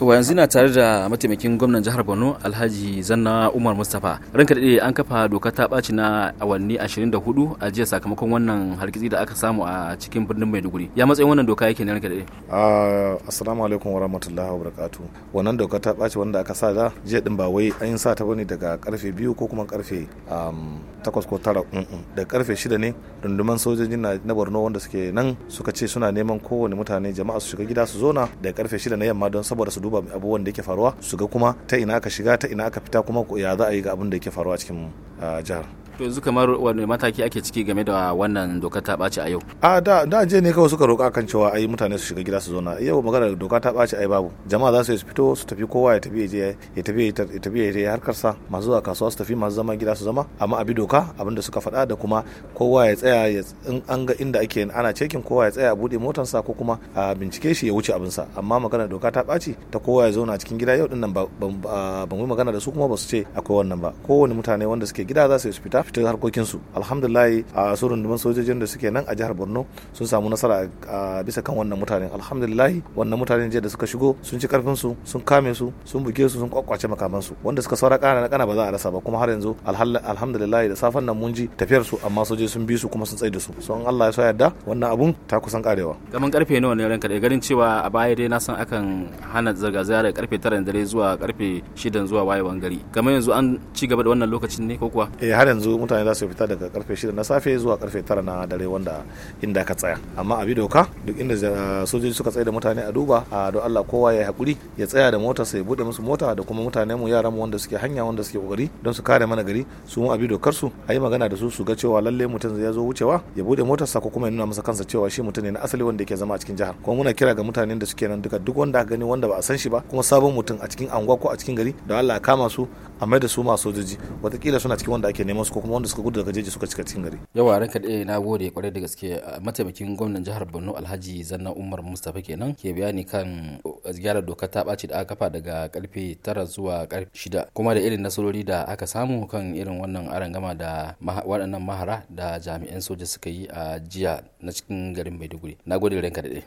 wa yanzu na tare da mataimakin gwamnan jihar borno alhaji zanna umar mustapha ranka daɗe an kafa doka ta ɓaci na awanni 24 a jiya sakamakon wannan hargitsi da aka samu a cikin birnin maiduguri ya matsayin wannan doka yake ne ranka daɗe ah, assalamu alaikum wa rahmatullahi wa barakatu wannan doka ta ɓaci wanda aka sa da jiya din ba wai an yi sa ta bane daga karfe biyu ko kuma karfe takwas ko tara da karfe shida ne runduman sojoji na borno wanda suke nan suka ce suna neman kowane mutane jama'a su shiga gida su zona da karfe shida na yamma don saboda su duba abubuwan da yake faruwa su ga kuma ta ina aka shiga ta ina aka fita kuma ya za a yi ga abin da yake faruwa cikin ah, jihar to yanzu kamar wani mataki ake ciki game da wannan doka ta ɓaci a yau a da da je ne kawai suka roƙa kan cewa ai mutane su shiga gida su zauna yau magana doka ta ɓaci ai babu jama'a za su yi su fito su tafi kowa ya tafi ya tafi ya tafi ya tafi harkar sa masu zuwa kasuwa su tafi masu zama gida su zama amma abi doka abinda suka faɗa da kuma kowa ya tsaya ya an ga inda ake ana cekin kowa ya tsaya a buɗe motar sa ko kuma a bincike shi ya wuce abin sa amma magana doka ta ɓaci ta kowa ya zauna cikin gida yau din nan ban yi magana da su kuma ba su ce akwai wannan ba kowane mutane wanda suke gida za su yi su fita ya fita harkokinsu alhamdulillah a su rundunar sojojin da suke nan a jihar borno sun samu nasara a bisa kan wannan mutanen alhamdulillah wannan mutanen jiya da suka shigo sun ci karfin su sun kame su sun buge su sun kwakwace makaman su wanda suka saura kana na kana ba za a rasa ba kuma har yanzu alhamdulillah da safan nan mun ji tafiyar su amma sojoji sun bi su kuma sun tsaida su son Allah ya so yarda wannan abun ta kusan karewa kaman karfe nawa ne ranka da garin cewa a baya dai na san akan hana zirga zirga karfe 9 dare zuwa karfe 6 zuwa wayewan gari kamar yanzu an ci gaba da wannan lokacin ne ko kuwa eh har yanzu mutane za su fita daga karfe 6 na safe zuwa karfe tara na dare wanda inda ka tsaya amma a bi doka duk inda sojoji suka tsaye da mutane a duba a don Allah kowa ya hakuri ya tsaya da mota sai bude musu mota da kuma mutane mu yaran mu wanda suke hanya wanda suke kokari don su kare mana gari su mu a bi dokar su a yi magana da su su ga cewa lalle mutum zai zo wucewa ya bude motar sa ko kuma ya nuna masa kansa cewa shi mutum ne na asali wanda yake zama a cikin jihar kuma muna kira ga mutanen da suke nan duka duk wanda ka gani wanda ba a san shi ba kuma sabon mutum a cikin anguwa ko a cikin gari don Allah kama su a mai da su masu sojoji watakila suna cikin wanda ake neman su ko kuma wanda suka gudu daga jeji suka cika cikin gari yawa ranka da na gode kwarai da gaske a mataimakin gwamnan jihar Borno Alhaji Zanna Umar mustapha kenan ke bayani kan gyara doka ta ɓaci da aka kafa daga karfe tara zuwa karfe shida kuma da irin nasarori da aka samu kan irin wannan arangama da waɗannan mahara da jami'an soja suka yi a jiya na cikin garin Maiduguri na gode ranka da